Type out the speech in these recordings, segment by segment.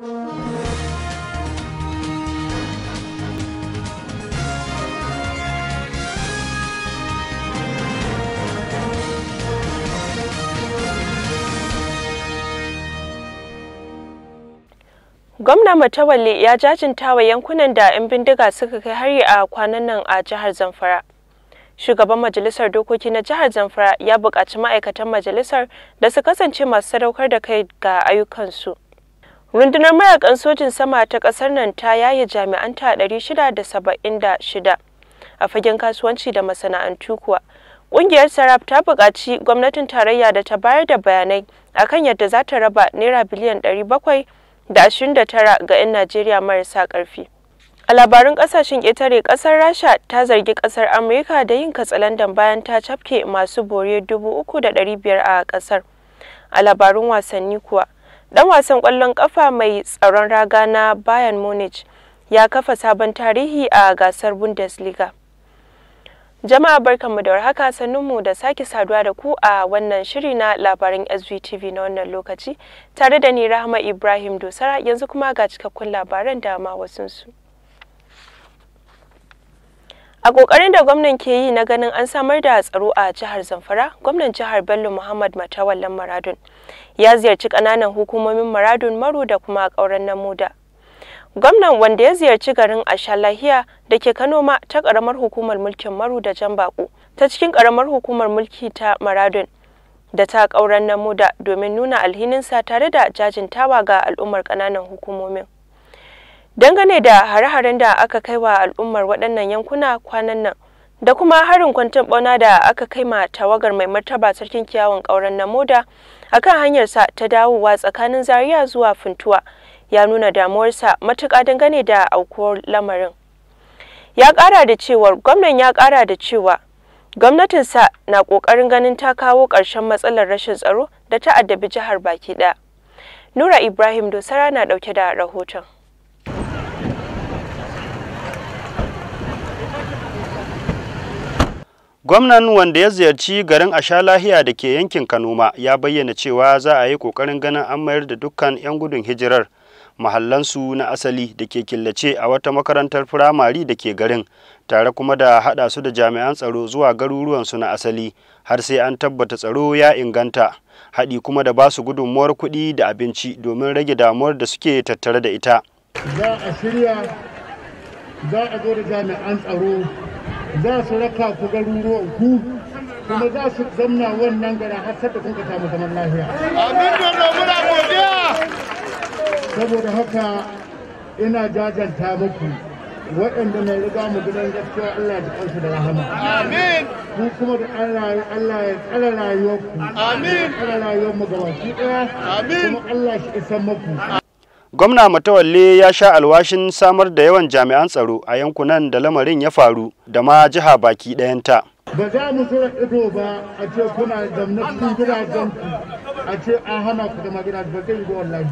Gwamna Matawalle ya jajinta wa yankunan da 'yan bindiga suka kai hari a kwanan nan a jihar Zamfara. Shugaban Majalisar Dokoki na jihar Zamfara ya buƙaci ma'aikatan majalisar da su kasance masu sadaukar da kai ga ayyukansu. Rundunar mayakan sojin sama ta ƙasar nan ta yaye jami'an ta 676 a fagen kasuwanci da masana'antu kuwa. ƙungiyar Sarab ta buƙaci gwamnatin tarayya da ta bayar da bayanai akan yadda za ta raba naira biliyan 729 ga 'yan Najeriya marasa ƙarfi. A labarun ƙasashen ƙetare ƙasar Rasha ta zargi ƙasar Amurka da yin katsalandan bayan ta cafke masu bore 3,500 a ƙasar. A labarun wasanni kuwa. Dan wasan ƙwallon ƙafa mai tsaron raga na Bayern Munich ya kafa sabon tarihi a gasar Bundesliga. Jama'a barkanmu da warhaka sannunmu da sake saduwa da ku a wannan shiri na labarin SVTV na wannan lokaci tare da ni Rahama Ibrahim Dosara yanzu kuma ga cikakkun labaran da ma wasunsu. A kokarin da gwamnan ke yi na ganin an samar da tsaro a jihar Zamfara, gwamnan jihar Bello Muhammad Matawallan Maradun ya ziyarci kananan hukumomin Maradun Maru da kuma ƙauren Namuda. Gwamnan wanda ya ziyarci garin Ashalahiya da ke ma ta karamar hukumar mulkin Maru da Jambako ta cikin ƙaramar hukumar mulki ta Maradun da ta ƙauren Namuda domin nuna alhininsa tare da jajintawa ga al'ummar kananan hukumomin. dangane da hare-haren da aka kai wa al'ummar waɗannan yankuna kwanan nan da kuma harin kwantar bauna da aka kai ma tawagar mai martaba sarkin kyawun ƙauren a akan hanyarsa ta dawowa tsakanin Zariya zuwa funtuwa ya nuna damuwarsa matuƙa dangane da aukuwar lamarin ya ƙara da cewar gwamnan ya ƙara da cewa gwamnatinsa na ƙoƙarin ganin ta kawo ƙarshen matsalar rashin tsaro da ta addabi jihar baki ɗaya nura ibrahim dosara na ɗauke da rahoton Gwamnan wanda ya ziyarci garin asha lahiya da ke yankin Kanoma ya bayyana cewa za a yi kokarin ganin an mayar da dukkan 'yan gudun hijirar mahallansu na asali da ke killace a wata makarantar firamare da ke garin tare kuma da haɗa su da jami'an tsaro zuwa garuruwansu na asali har sai an tabbata tsaro ya inganta haɗi kuma da ba su gudunmuwar kuɗi da abinci domin rage damuwar da suke tattare da ita. Za a shirya za a zo da jami'an tsaro za su raka ku garuruwan ku kuma za su zamna wannan gara har sai da kun ka samu zaman lafiya amin da muna godiya saboda haka ina jajanta muku waɗanda mai riga mu gidan gaskiya Allah ya kansu da rahama amin ku kuma da Allah Allah ya tsara rayuwarku amin tsara rayuwar mu gaba ki amin kuma Allah shi isa muku Gwamna Matawalle ya sha alwashin samar da yawan jami'an tsaro a yankunan da lamarin ya faru da ma jiha baki ɗayanta. Ba za mu tura ido ba a ce kuna zamna gina gidajen a ce an hana ku da magana ba zai yi wallahi.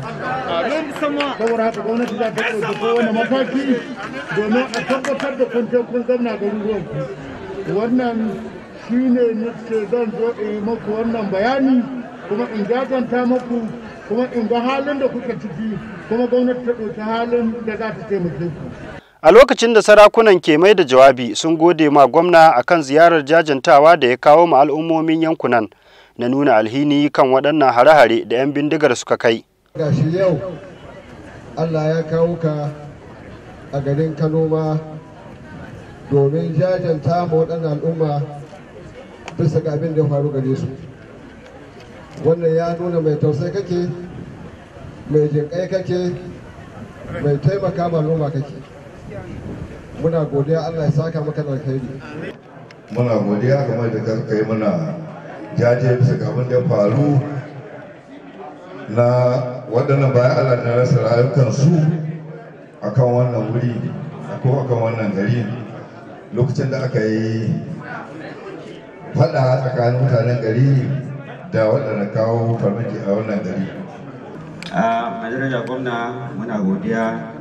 Saboda haka gwamnati za ta ɗauki kowane mataki domin a tabbatar da kun zamna da zamna ruwanku. Wannan shi ne zan zo in yi muku wannan bayani kuma in jajanta muku kuma in ga halin da kuka ciki kuma gwamnati ta ɗauki halin da za ta taimake ku. A lokacin da sarakunan ke mai da jawabi sun gode ma gwamna akan ziyarar jajantawa da ya kawo ma al'ummomin yankunan na nuna alhini kan waɗannan hare-hare da 'yan bindigar suka kai. Gashi yau Allah ya kawo ka a garin Kano ma domin jajanta ma waɗannan al'umma bisa ga abin da ya faru gare su. wannan ya nuna mai tausai kake mai jinkai kake mai taimaka ma al'umma kake muna godiya allah ya saka maka da alkhairi muna godiya game da karkai muna jaje bisa kamun da faru na waɗannan bayan allah na rasa rayukansu kan wannan wuri ko a kan wannan gari lokacin da aka yi faɗa tsakanin mutanen gari da waɗanda kawo farmaki a wannan gari a madaraja gwamna muna godiya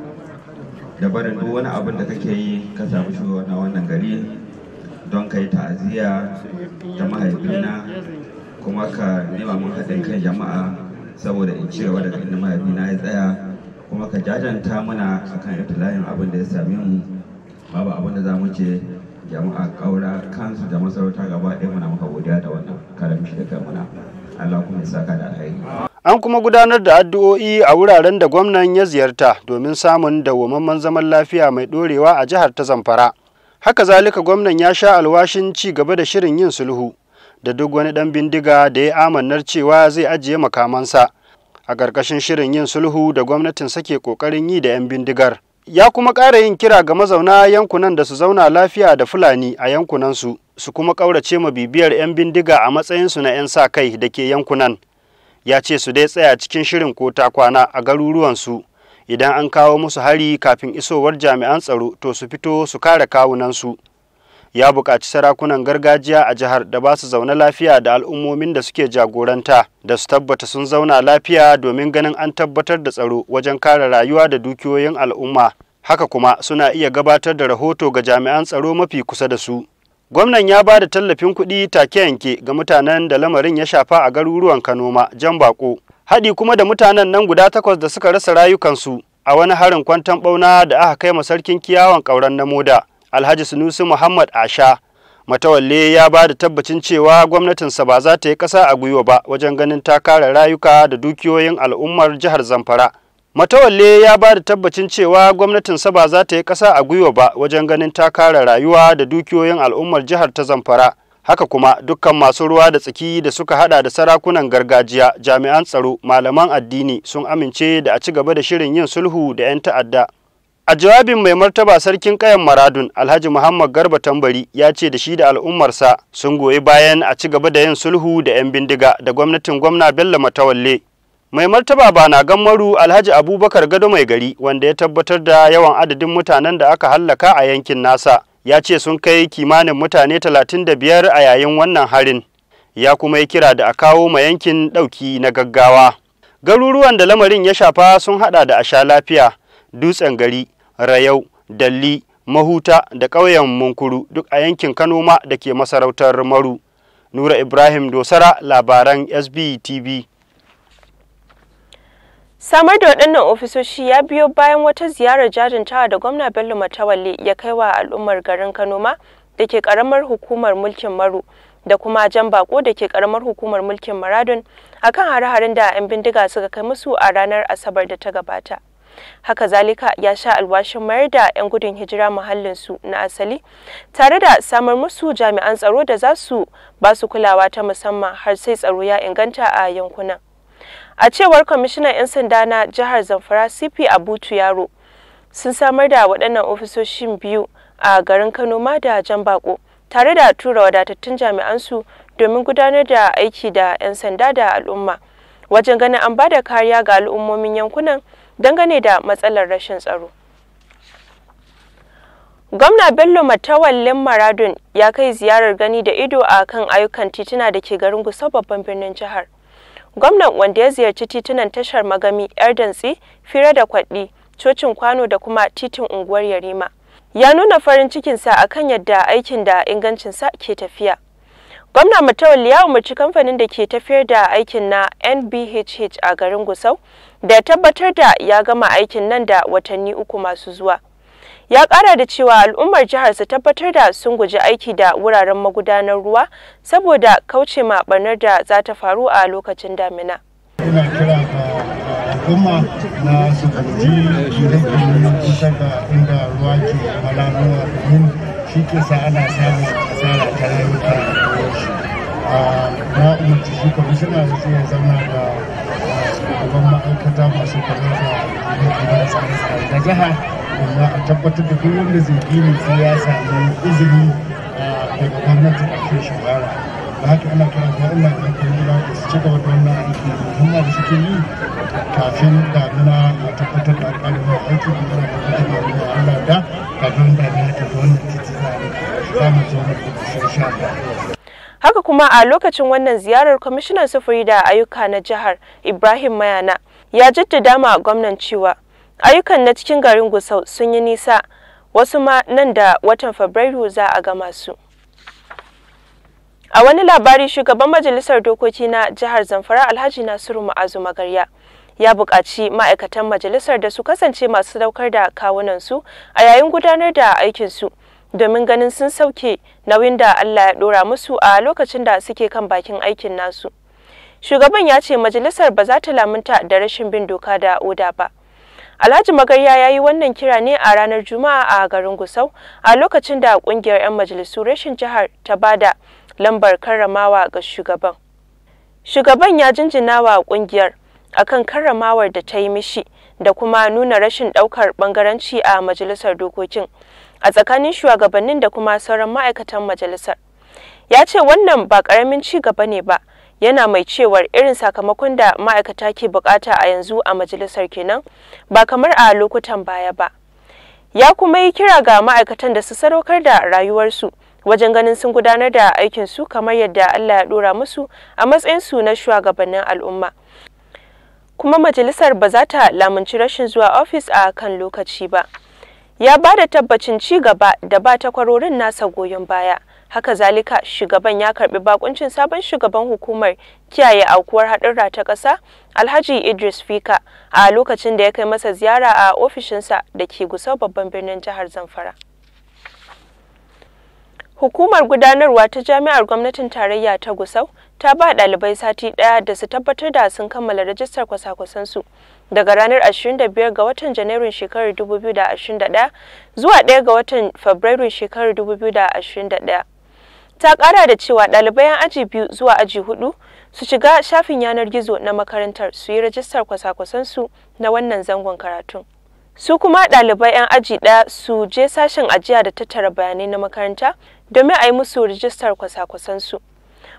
da barin duk wani abin da kake yi ka samu shi na wannan gari don ka yi ta'aziyya da mahaifina kuma ka nema mun haɗin kan jama'a saboda in ce wa daga inda mahaifina ya tsaya kuma ka jajanta muna akan ibtila'in abin da ya same mu babu abin da za mu ce jama'a kaura kansu da masarauta gaba ɗaya muna maka godiya da wannan karamci da kai muna Allah kuma ya saka da alheri an kuma gudanar da addu'o'i a wuraren da gwamnan ya ziyarta domin samun dawwamamman zaman lafiya mai dorewa a jihar ta Zamfara haka zalika gwamnan ya sha alwashin ci gaba da shirin yin sulhu da duk wani dan bindiga da ya amannar cewa zai ajiye makamansa a ƙarƙashin shirin yin sulhu da gwamnatin sake ƙoƙarin yi da 'yan bindigar ya kuma ƙara yin kira ga mazauna yankunan da su zauna lafiya da fulani a yankunansu su kuma ƙaurace ma bibiyar 'yan bindiga a matsayinsu na 'yan sa kai da ke yankunan ya ce su dai tsaya cikin shirin ko ta kwana a garuruwansu idan an kawo musu hari kafin isowar jami'an tsaro to su fito su kare kawunansu ya buƙaci sarakunan gargajiya a jihar da ba su zaune lafiya da al'ummomin da suke jagoranta da su tabbata sun zauna lafiya domin ganin an tabbatar da tsaro wajen kare rayuwa da dukiyoyin al'umma haka kuma suna iya gabatar da rahoto ga jami'an tsaro mafi kusa da su gwamnan ya ba da tallafin kuɗi take yanke ga mutanen da lamarin ya shafa a garuruwan kanoma jan baƙo. haɗi kuma da mutanen nan guda takwas da suka rasa rayukansu a wani harin kwanton ɓauna da aka kai ma sarkin kiyawan ƙauren na moda alhaji sunusi muhammad asha matawalle ya ba da tabbacin cewa gwamnatinsa ba za ta yi kasa a gwiwa ba wajen ganin ta kare rayuka da dukiyoyin al'ummar jihar zamfara matawalle ya ba da tabbacin cewa gwamnatinsa ba za ta yi ƙasa a gwiwa ba wajen ganin ta kare rayuwa da dukiyoyin al'ummar jihar ta zamfara haka kuma dukkan masu ruwa da tsaki da suka hada da sarakunan gargajiya jami'an tsaro malaman addini sun amince da a ci gaba da shirin yin sulhu da 'yan ta'adda A jawabin mai martaba sarkin kayan Maradun Alhaji Muhammad Garba Tambari ya ce da shi da al'ummarsa sun goyi bayan a ci gaba da yin sulhu da 'yan bindiga da gwamnatin gwamna Bello Matawalle. Mai martaba ba na gammaru Alhaji Abubakar Gado mai gari wanda ya tabbatar da yawan adadin mutanen da aka hallaka a yankin nasa ya ce sun kai kimanin mutane biyar a yayin wannan harin. Ya kuma yi kira da a kawo ma yankin ɗauki na gaggawa. Garuruwan da lamarin ya shafa sun haɗa da Asha Lafiya, Dutsen Gari, rayau dalli mahuta da ƙauyen munkuru duk a yankin kano ma da ke masarautar maru nura ibrahim dosara labaran sbtv samar da waɗannan ofisoshi ya biyo bayan wata ziyarar jajintawa da gwamna bello matawalle ya kai wa al'ummar garin kano ma da ke ƙaramar hukumar mulkin maru da kuma jan bako da ke ƙaramar hukumar mulkin Maradun akan hare-haren da 'yan bindiga suka kai musu a ranar asabar da ta gabata haka zalika ya sha alwashin mayar da 'yan gudun hijira muhallin su na asali tare da samar musu jami'an tsaro da za su ba su kulawa ta musamman har sai tsaro ya inganta a yankunan a cewar kwamishinan 'yan sanda na jihar zamfara cp abutu yaro sun samar da waɗannan ofisoshin biyu a garin kano ma da jan bako tare da tura wadatattun jami'ansu domin gudanar da aiki da 'yan sanda da al'umma wajen ganin an ba da kariya ga al'ummomin yankunan dangane da matsalar rashin tsaro. Gwamna Bello Matawallin Maradun ya kai ziyarar gani da ido a kan ayyukan tituna da ke garin gusa babban birnin jihar. Gwamnan wanda ya ziyarci titunan tashar Magami, Erdansi, Fira da Kwaɗi, Cocin Kwano da kuma titin unguwar Yarima. Ya nuna farin cikinsa akan yadda aikin da ingancinsa ke tafiya. Gwamna Matawal ya umarci kamfanin da ke tafiyar da aikin na NBHH a garin Gusau da ya tabbatar da ya gama aikin nan da watanni uku masu zuwa. Ya kara da cewa al'ummar jihar su tabbatar da sun guji aiki da wuraren magudanar ruwa saboda kauce ma barnar da za ta faru a lokacin damina. Ina kira ga al'umma na su guji shirye inda ruwa ke malaruwa domin shi ke sa ana samun asara ta rayuka. na umarci shi kwamishina ya ce ya zama da shugaban ma'aikata masu kula da gina tsare-tsare da jiha amma a tabbatar da duk wanda zai gini sai ya samu izini daga gwamnati a ke shawara da haka ana kira ga Allah da ke nuna da su ci gaba da wannan aiki muhimma da suke yi kafin damina a tabbatar da alƙalin aiki da yana tabbatar da Allah da kafin damina ta zo wannan titi za mu zo mu da shi haka kuma a lokacin wannan ziyarar kwamishinan sufuri da ayyuka na jihar ibrahim mayana ya jaddada ma gwamnan cewa ayyukan na cikin garin gusau sun yi nisa wasu ma nan da watan fabrairu za a gama su a wani labari shugaban majalisar dokoki na jihar zamfara alhaji nasiru ma'azu magarya ya buƙaci ma'aikatan majalisar da su kasance masu daukar da kawunansu a yayin gudanar da aikinsu domin ganin sun sauke nauyin da Allah ya ɗora musu a lokacin da suke kan bakin aikin nasu. Shugaban ya ce majalisar ba za ta lamunta da rashin bin doka da oda ba. Alhaji Magarya ya yi wannan kira ne a ranar Juma'a a garin Gusau a lokacin da ƙungiyar 'yan majalisu rashin jihar ta bada lambar karramawa ga shugaban. Shugaban ya jinjina wa kungiyar akan karramawar da ta yi mishi da kuma nuna rashin ɗaukar ɓangaranci a majalisar dokokin a tsakanin shugabannin da kuma sauran ma'aikatan majalisar ya ce wannan ba karamin ci gaba ne ba yana mai cewar irin sakamakon da ma'aikata ke bukata a yanzu a majalisar kenan ba kamar a lokutan baya ba ya kuma yi kira ga ma'aikatan da su sadaukar da rayuwarsu wajen ganin sun gudanar da aikinsu kamar yadda Allah ya dora musu a matsayinsu na shugabannin al'umma kuma majalisar ba za ta lamunci rashin zuwa ofis a kan lokaci ba. ya ba da tabbacin ci gaba da ba takwarorin nasa goyon baya haka zalika shugaban ya karbi bakuncin sabon shugaban hukumar kiyaye aukuwar haɗurra ta ƙasa alhaji idris fika a lokacin da ya kai masa ziyara a ofishinsa da ke gusau babban birnin jihar zamfara Hukumar gudanarwa ta Jami'ar Gwamnatin Tarayya ta Gusau ta ba ɗalibai sati ɗaya da su tabbatar da sun kammala rajistar kwasa-kwasansu daga ranar 25 ga watan Janairun shekarar 2021 zuwa 1 ga watan Fabrairun shekarar 2021. Ta ƙara da cewa ɗalibai yan aji biyu zuwa aji hudu su shiga shafin yanar gizo na makarantar su yi rajistar kwasa-kwasansu na wannan zangon karatun. su kuma ɗalibai 'yan aji ɗaya su je sashen ajiya da tattara bayanai na makaranta domin a yi musu rijistar kwasa-kwasansu.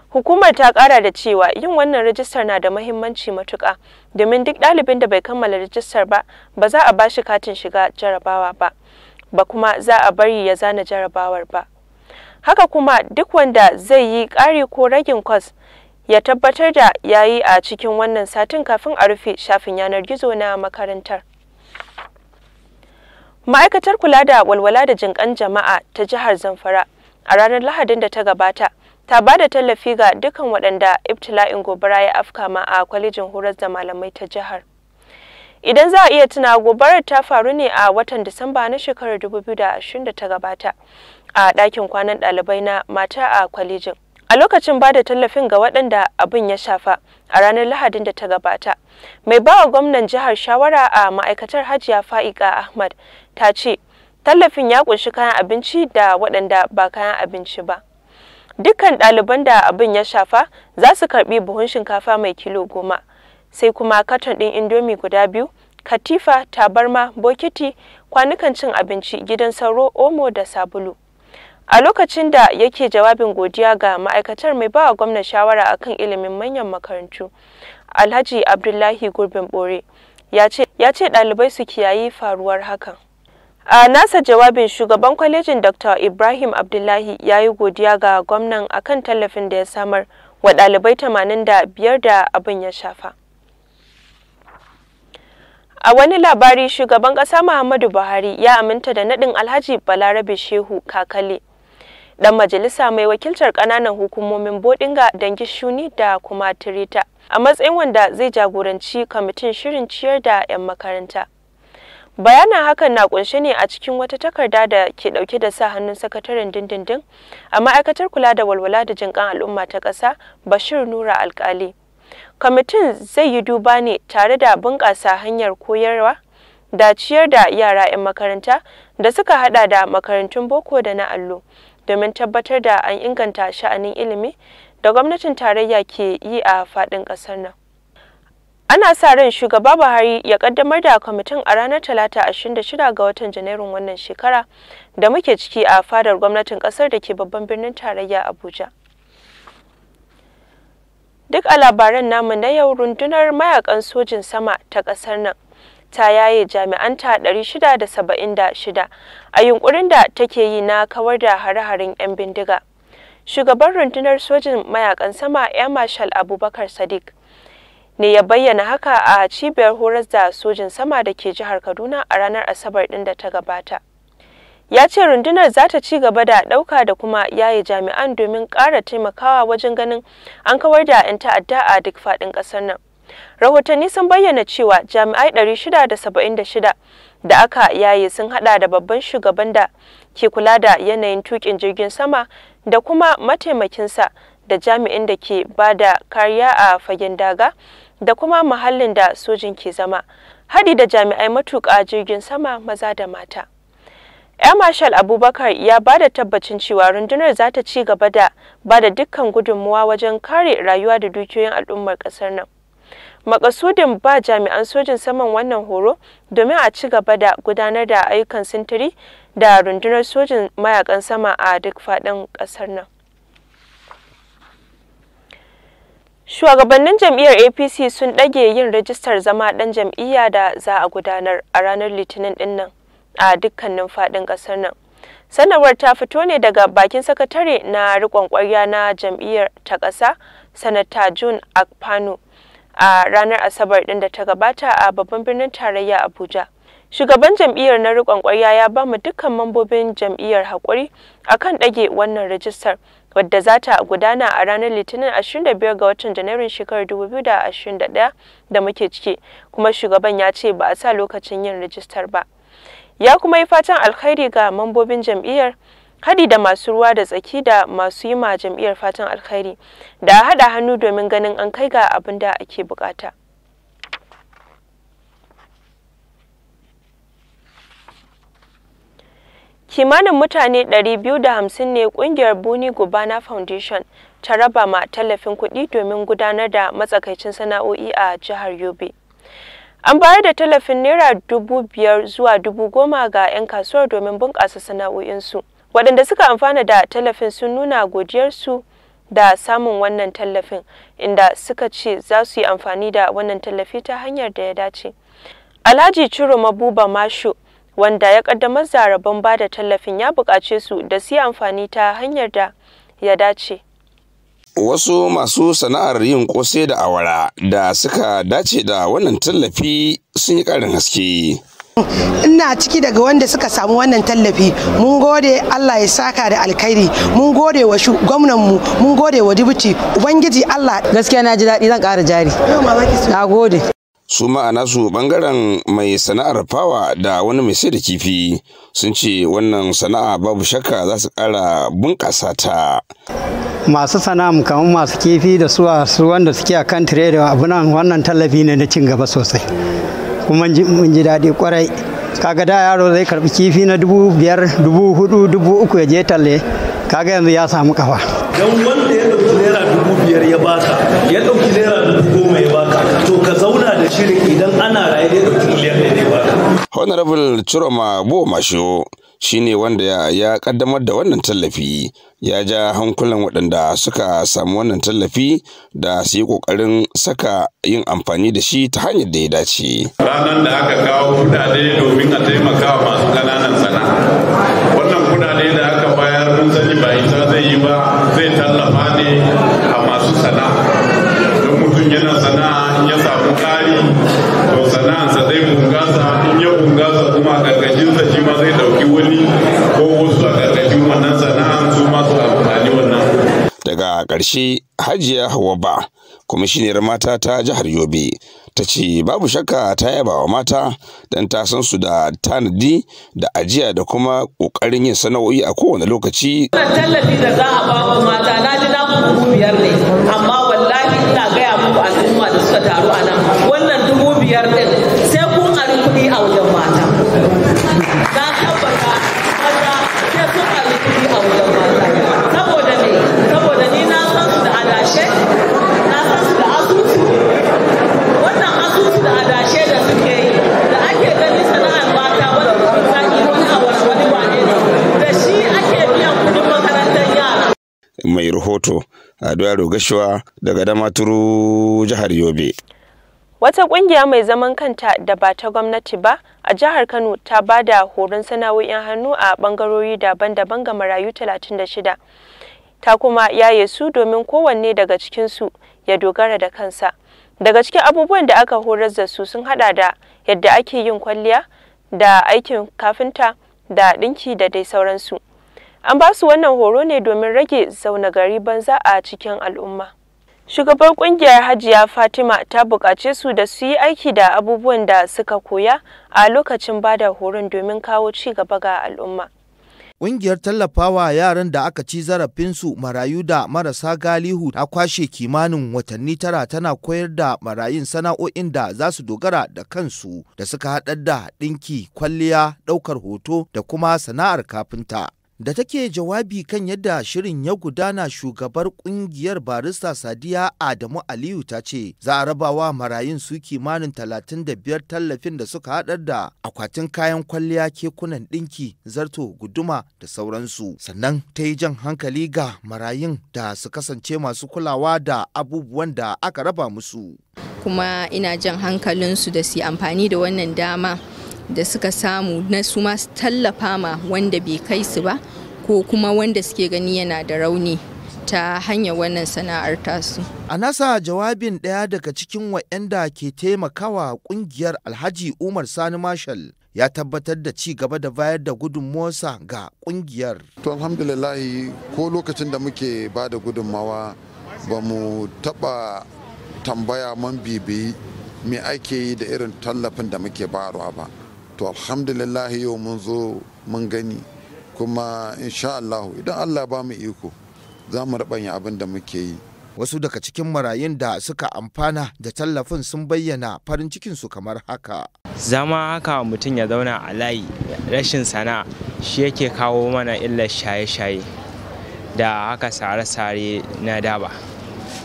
Hukumar ta ƙara da cewa yin wannan rijistar na da mahimmanci matuƙa domin duk ɗalibin da bai kammala rijistar ba ba za a bashi katin shiga jarabawa ba ba kuma za a bari ya zana jarabawar ba. Haka kuma duk wanda zai yi ƙari ko ragin kwas ya tabbatar da yayi a cikin wannan satin kafin a rufe shafin yanar gizo na makarantar. Ma'aikatar kula da walwala da jinƙan jama'a ta jihar Zamfara a ranar Lahadin da ta gabata ta ba da tallafi ga dukkan waɗanda ibtila'in gobara ya afka ma a kwalejin horar da malamai ta jihar. Idan za a iya tuna gobarar ta faru ne a watan Disamba na shekarar 2020 da ta gabata a ɗakin kwanan ɗalibai na mata a kwalejin. a lokacin ba da tallafin ga waɗanda abin ya shafa a ranar lahadin da ta gabata mai bawa gwamnan jihar shawara a ma'aikatar hajiya fa'iƙa ahmad ta ce tallafin ya ƙunshi kayan abinci da waɗanda ba kayan abinci ba dukkan ɗaliban da abin ya shafa za su karɓi buhun shinkafa mai kilo goma sai kuma katon ɗin indomi guda biyu katifa tabarma bokiti kwanukan cin abinci gidan sauro omo da sabulu a lokacin da yake jawabin godiya ga ma'aikatar mai ba a gwamna shawara akan ilimin manyan makarantu alhaji abdullahi gurbin bore ya ce ɗalibai su kiyayi faruwar hakan a nasa jawabin shugaban kwalejin dr ibrahim abdullahi ya yi godiya ga gwamnan akan tallafin da ya samar wa ɗalibai tamanin da biyar da abin ya shafa A wani labari shugaban ƙasa Muhammadu Buhari ya aminta da naɗin Alhaji Balarabe Shehu Kakale dan majalisa mai wakiltar kananan hukumomin Bodinga dangi shuni da kuma Tirita a matsayin wanda zai jagoranci kamitin shirin ciyar da 'yan makaranta. Bayanan hakan na kunshe ne a cikin wata takarda da ke dauke da sa hannun sakataren dindindin a ma'aikatar kula da walwala da jinkan al'umma ta ƙasa Bashir Nura Alkali. Kwamitin zai yi duba ne tare da bunƙasa hanyar koyarwa da ciyar da yara 'yan makaranta da suka hada da makarantun boko da na allo domin tabbatar da an inganta sha'anin ilimi da gwamnatin tarayya ke yi a faɗin ƙasar nan. Ana sa ran shugaba Buhari ya ƙaddamar da kwamitin a ranar Talata 26 ga watan Janairun wannan shekara da muke ciki a fadar gwamnatin ƙasar da ke babban birnin tarayya Abuja. Duk a labaran namu na yau rundunar mayakan sojin sama ta ƙasar nan ta yaye jami'anta 676 a yunkurin da take yi na kawar da hare-haren 'yan bindiga. Shugaban rundunar sojin mayakan sama Air Marshal Abubakar Sadiq ne ya bayyana haka a cibiyar horas da sojin sama da ke jihar Kaduna a ranar Asabar ɗin da ta gabata. ya ce rundunar za ta ci gaba da ɗauka da kuma yaye jami'an domin ƙara taimakawa wajen ganin an kawar da 'yan ta'adda a duk faɗin ƙasar nan rahotanni sun bayyana cewa jami'ai 676 da aka yaye sun hada da babban shugaban da ke kula da yanayin tukin jirgin sama da kuma mataimakinsa da jami'in da ke ba da kariya a fagen daga da kuma muhallin da sojin ke zama hadi da jami'ai matuƙa jirgin sama maza da mata Air Marshal Abubakar ya ba da tabbacin cewa rundunar za ta ci gaba da ba da dukkan gudunmuwa wajen kare rayuwa da dukiyoyin al'ummar ƙasar nan. makasudin ba jami'an sojin saman wannan horo domin a ci gaba da gudanar da ayyukan sintiri da rundunar sojin mayakan sama a duk faɗin ƙasar nan Shugabannin jam'iyyar APC sun ɗage yin rajistar zama ɗan jam'iyya da za a gudanar a ranar Litinin ɗin nan a dukkanin faɗin ƙasar nan. Sanarwar ta fito ne daga bakin sakatare na riƙon ƙwarya na jam'iyyar ta ƙasa, Sanata June Akpanu, a ranar asabar din da ta gabata a babban birnin tarayya abuja shugaban jam'iyyar na riƙon ƙwarya ya ba mu dukkan mambobin jam'iyyar haƙuri akan ɗage wannan rajistar wadda za ta gudana a ranar litinin 25 ga watan janairun shekarar 2021 da muke ciki kuma shugaban ya ce ba a sa lokacin yin rajistar ba ya kuma yi fatan alkhairi ga mambobin jam'iyyar haɗi da masu ruwa da tsaki da masu yi ma jam'iyyar fatan alkhairi da haɗa hannu domin ganin an kai ga abin da ake bukata. kimanin mutane 250 ne kungiyar buni gubana foundation ta raba ma tallafin kuɗi domin gudanar da matsakaicin sana'o'i a jihar yobe an bayar da tallafin naira 5,000 zuwa 10,000 ga 'yan kasuwar domin bunƙasa sana'o'insu waɗanda suka amfana da tallafin sun nuna godiyarsu da samun wannan tallafin inda suka ce za su yi amfani da wannan tallafi ta hanyar da ya dace alhaji ciro mabuba masho wanda ya kaddamar zaraban ba da tallafin ya buƙace su da su yi amfani ta hanyar da ya dace wasu masu sana'ar yin kose da awara da suka dace da wannan tallafi sun yi ƙarin haske ina ciki daga wanda suka samu wannan tallafi mun gode Allah ya saka da alkhairi mun gode wa gwamnan mu mun gode wa dibuti ubangiji Allah gaskiya na ji daɗi zan ƙara jari na gode su ma'ana su bangaren mai sana'ar fawa da wani mai sai da kifi sun ce wannan sana'a babu shakka za su ƙara bunƙasa ta masu sana'a kamar masu kifi da su wanda suke a kan tire da abunan wannan tallafi ne na cin gaba sosai kuma mun ji daɗi kwarai kaga da yaro zai karbi kifi na dubu biyar dubu hudu dubu uku ya je talle kaga yanzu ya samu kafa don wanda ya ɗauki naira dubu biyar ya baka ya ɗauki naira dubu goma ya baka to ka zauna da shirin idan ana raye da ɗauki miliyan ɗaya ya baka honorable chiroma bo mashiwo shine wanda ya, ya kaddamar da wannan tallafi ya ja hankulan waɗanda suka samu wannan tallafi da su yi ƙoƙarin saka yin amfani da shi ta hanyar da ya dace. Ranar da aka kawo kudade domin a taimaka wa masu ƙananan sana'a. Wannan kudade da aka bayar mun sani ba isa zai yi ba zai tallafa ne a masu sana'a. Don mutum yana sana'a ya samu ƙari sana'arsa zai bungasa in ya bungasa kuma a ƙarƙashinsa shi ma zai ɗauki wani ko wasu a karkashin wannan sana'ar su masu amfani wannan. Daga ƙarshe Hajiya Hawa ba kwamishiniyar mata ta jihar Yobe ta ce babu shakka ta yaba wa mata don ta san su da tanadi da ajiya da kuma kokarin yin sana'o'i a kowane lokaci. Wannan tallafi da za a ba mata na ji na biyar ne amma wallahi ina gaya muku al'umma da suka taru a nan wannan dubu mai rahoto Ado Yaro Gashuwa daga Damaturu jihar Yobe. Wata kungiya mai zaman kanta da ba ta gwamnati ba a jihar Kano ta ba da horon sana'o'in hannu a bangarori daban-daban ga marayu 36. Ta kuma yaye su domin kowanne daga cikinsu ya dogara da kansa. Daga cikin abubuwan da aka horar da su sun hada da yadda ake yin kwalliya da aikin kafinta da ɗinki da dai sauransu. An ba su wannan horo ne domin rage zauna gari banza a cikin al'umma. Shugabar kungiyar Hajiya Fatima ta buƙace su da su yi aiki da abubuwan da suka koya a lokacin ba da horon domin kawo ci gaba ga al'umma. Ƙungiyar tallafawa yaran da aka ci zarafinsu marayu da marasa galihu ta kwashe kimanin watanni tara tana koyar da marayun sana'o'in da za su dogara da kansu da suka haɗar da ɗinki, kwalliya, ɗaukar hoto da kuma sana'ar kafinta. da take jawabi kan yadda shirin ya gudana shugabar kungiyar barista sadiya adamu aliyu ta ce za a rabawa marayun su kimanin 35 tallafin da suka haɗar da akwatin kayan kwalliya kekunan ɗinki zarto guduma da sauransu sannan ta yi jan hankali ga marayun da su kasance masu kulawa da abubuwan da aka raba musu kuma ina jan hankalinsu da su amfani da wannan dama da suka samu na su ma tallafa ma wanda bai kai su ba ko kuma wanda suke gani yana da rauni ta hanyar wannan sana'ar tasu. A nasa jawabin ɗaya daga cikin waɗanda ke taimakawa ƙungiyar Alhaji Umar Sani Marshall ya tabbatar da ci gaba da bayar da gudunmuwarsa ga ƙungiyar. To alhamdulillah ko lokacin da muke ba da gudunmawa ba mu taɓa tambaya man bibiyi me ake yi da irin tallafin da muke barwa ba. to alhamdulillah yau mun zo mun gani kuma insha Allah idan Allah ba mu iko za mu rabanya abin da muke yi wasu daga cikin marayun da suka amfana da tallafin sun bayyana farin cikin su kamar haka zama haka mutum ya zauna a layi rashin sana'a shi yake kawo mana illar shaye-shaye da haka sare-sare na daba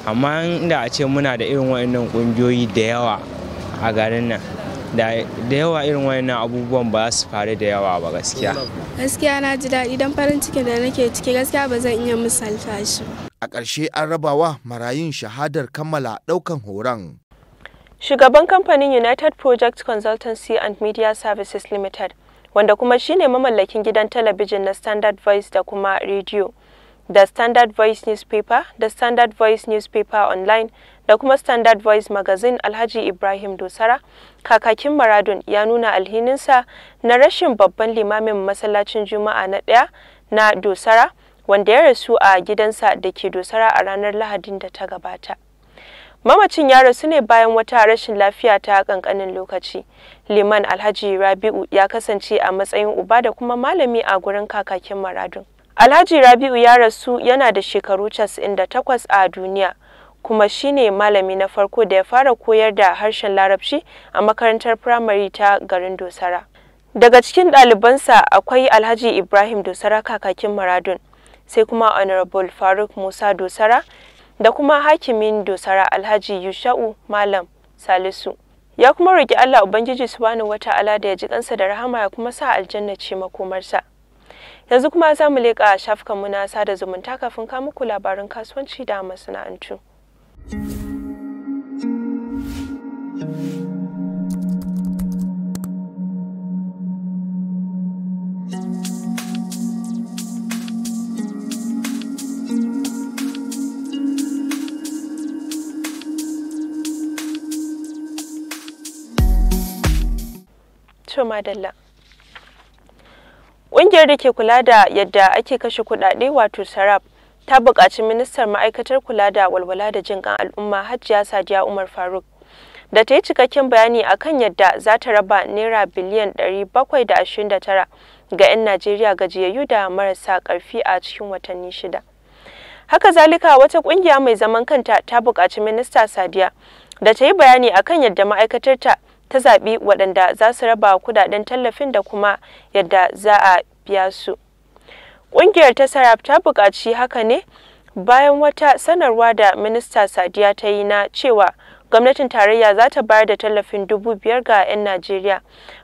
amma inda a ce muna da irin waɗannan ƙungiyoyi da yawa a garin nan da yawa irin wannan abubuwan ba su faru da yawa ba gaskiya gaskiya na ji daɗi don farin ciki da nake ciki gaskiya ba zan iya misalta shi a ƙarshe an rabawa marayun shahadar kammala ɗaukan horon shugaban kamfanin united project consultancy and media services limited wanda kuma shine mamallakin gidan talabijin na standard voice da kuma rediyo da standard voice newspaper da standard voice newspaper online da kuma Standard Voice Magazine Alhaji Ibrahim Dosara, kakakin Maradun ya nuna alhininsa na rashin babban limamin masallacin Juma'a na ɗaya na Dosara, wanda ya rasu a gidansa da ke Dosara a ranar Lahadin da ta gabata. Mamacin ya rasu ne bayan wata rashin lafiya ta kankanin lokaci. Liman Alhaji Rabi'u ya kasance a matsayin uba da kuma malami a gurin kakakin Maradun. Alhaji Rabi'u ya rasu yana da shekaru 98 a duniya. kuma shine malami na farko da ya fara koyar da harshen larabci a makarantar firamare ta garin dosara daga cikin ɗalibansa akwai alhaji ibrahim dosara kakakin maradun sai kuma honorable faruk musa dosara da kuma hakimin dosara alhaji yusha'u malam salisu ya kuma roƙi allah ubangiji wata ala da ya ji kansa da rahama ya kuma sa aljanna ce makomarsa yanzu kuma za mu leƙa shafukanmu na sada zumunta kafin kamuku labarin kasuwanci da masana'antu Ƙungiyar da ke kula da yadda ake kashe kuɗaɗe wato sarab ta buƙaci ministar ma'aikatar kula da walwala da jin ƙan al'umma hajjiya sadiya umar faruk da ta yi cikakken bayani a kan yadda za ta raba naira biliyan 729 ga 'yan najeriya gajiyayyu da marasa ƙarfi a cikin watanni shida haka zalika wata ƙungiya mai zaman kanta ta buƙaci minista sadiya da ta yi bayani a kan yadda ma'aikatarta ta zaɓi waɗanda za su raba kudaden tallafin da kuma yadda za a biya su Ƙungiyar ta Sarab ta buƙaci haka ne bayan wata sanarwa da Minista Sadiya ta yi na cewa gwamnatin tarayya za ta bayar da tallafin dubu biyar ga 'yan Najeriya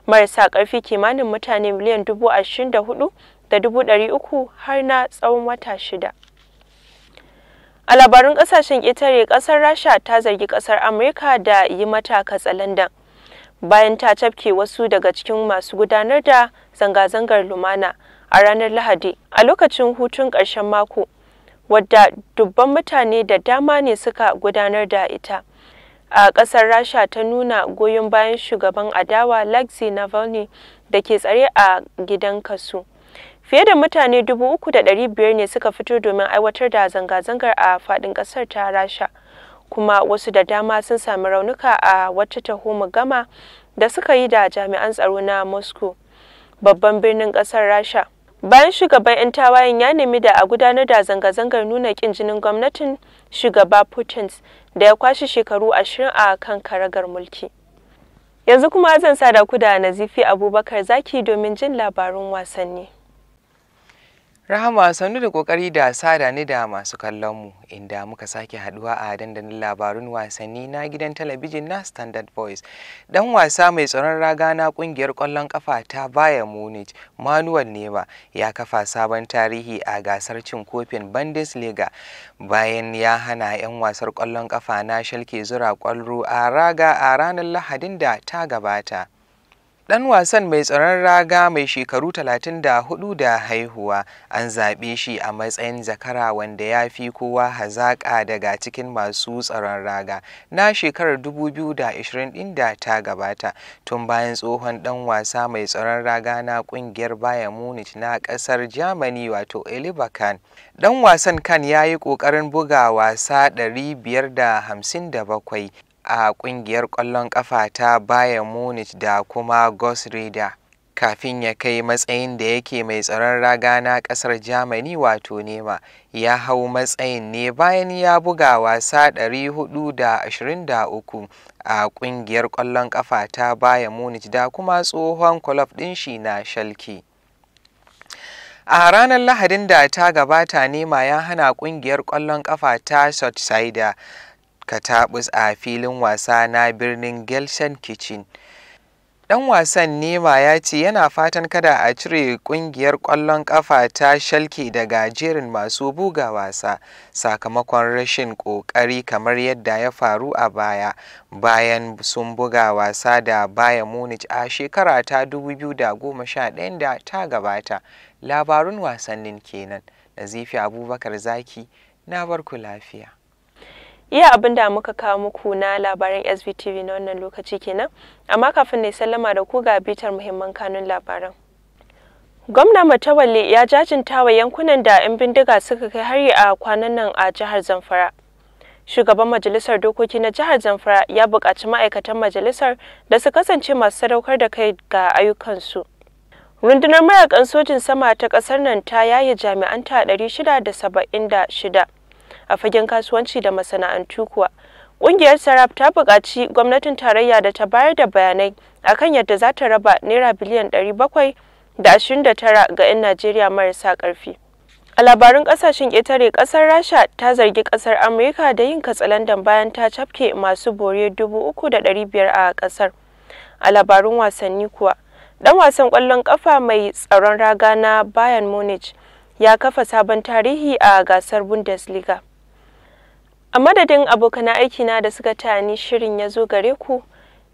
marasa ƙarfi kimanin mutane miliyan dubu ashirin da hudu da dubu ɗari uku har na tsawon wata shida. A labarun ƙasashen ƙetare ƙasar Rasha ta zargi ƙasar Amurka da yi mata katsalandan bayan ta cafke wasu daga cikin masu gudanar da zanga-zangar lumana a ranar Lahadi a lokacin hutun ƙarshen mako wadda dubban mutane da dama ne suka gudanar da ita. A ƙasar Rasha ta nuna goyon bayan shugaban adawa Alexei Navalny da ke tsare a gidan kasu. Fiye da mutane dubu uku da biyar ne suka fito domin aiwatar da zanga-zangar a faɗin ƙasar ta Rasha, kuma wasu da dama sun sami raunuka a wata taho gama da suka yi da jami'an tsaro na Moscow, babban birnin ƙasar Rasha. bayan shugaban 'yan tawayen ya nemi da a gudanar da zanga-zangar nuna kin jinin gwamnatin shugaba putin da ya kwashe shekaru ashirin a kan karagar mulki yanzu kuma zan da ku da nazifi abubakar zaki domin jin labarun wasanni Rahama sannu da kokari da sada ni da masu kallon mu inda muka sake haduwa a dandanin labarun wasanni na gidan talabijin na Standard Voice. Dan wasa mai tsaron raga na kungiyar kwallon kafa ta Bayern Munich, Manuel Neuer ya kafa sabon tarihi a gasar cin kofin Bundesliga bayan ya hana 'yan wasar kwallon kafa na Schalke zura kwallo a raga a ranar Lahadin da ta gabata. Ɗan wasan mai tsaron raga mai shekaru 34 da haihuwa an zaɓe shi a matsayin zakara wanda ya fi kowa hazaƙa daga cikin masu tsaron raga na shekarar 2020 inda ta gabata tun bayan tsohon ɗan wasa mai tsaron raga na ƙungiyar Bayern Munich na ƙasar Germany wato elibakan dan Ɗan wasan kan ya yi ƙoƙarin buga wasa 557 a ƙungiyar ƙwallon ƙafa ta Bayern Munich da kuma Gus Reda kafin ya kai matsayin da yake mai tsaron raga na ƙasar Germany wato Nema ya hau matsayin ne bayan ya buga wasa 423 a ƙungiyar ƙwallon ƙafa ta Bayern Munich da kuma tsohon kulob ɗin shi na shalki. A ranar Lahadin da ta gabata nema ya hana ƙungiyar ƙwallon ƙafa ta Southsider katabus a filin wasa na birnin gelshen kitchen Ɗan wasan nema ya ce yana fatan kada a cire ƙungiyar ƙwallon ƙafa ta shalke daga jerin masu buga wasa sakamakon rashin ƙoƙari kamar yadda ya faru a baya bayan sun buga wasa da bayan munich a shekara ta 2011 da ta gabata labarun wasannin kenan nazifi abubakar zaki na barku lafiya iya abin da muka kawo muku na labaran SVTV na wannan lokaci kenan amma kafin ne sallama da ku ga bitar muhimman kanun labaran Gwamna Matawalle ya jajinta wa yankunan da 'yan bindiga suka kai hari a kwanan nan a jihar Zamfara. Shugaban Majalisar Dokoki na jihar Zamfara ya buƙaci ma'aikatan majalisar da su kasance masu sadaukar da kai ga ayyukansu. Rundunar mayakan sojin sama ta ƙasar nan ta yaye jami'anta shida. a fagen kasuwanci da masana'antu kuwa Ƙungiyar Sarab ta buƙaci gwamnatin tarayya da ta bayar da bayanai akan yadda za ta raba naira biliyan da da ɗari bakwai ashirin tara ga 'yan Najeriya marasa ƙarfi. A labarun ƙasashen ƙetare ƙasar Rasha ta zargi ƙasar Amurka da yin katsalandan bayan ta cafke masu bore biyar a ƙasar. A labarun wasanni kuwa, ɗan wasan ƙwallon ƙafa mai tsaron raga na Bayern Munich ya kafa sabon tarihi a gasar Bundesliga. A madadin abokan aikina da suka ni shirin ya zo gare ku,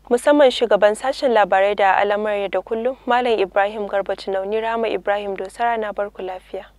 musamman shugaban sashen labarai da al'amari da kullum, Malam Ibrahim Garba Tunauni Rama Ibrahim Dosara na barku lafiya.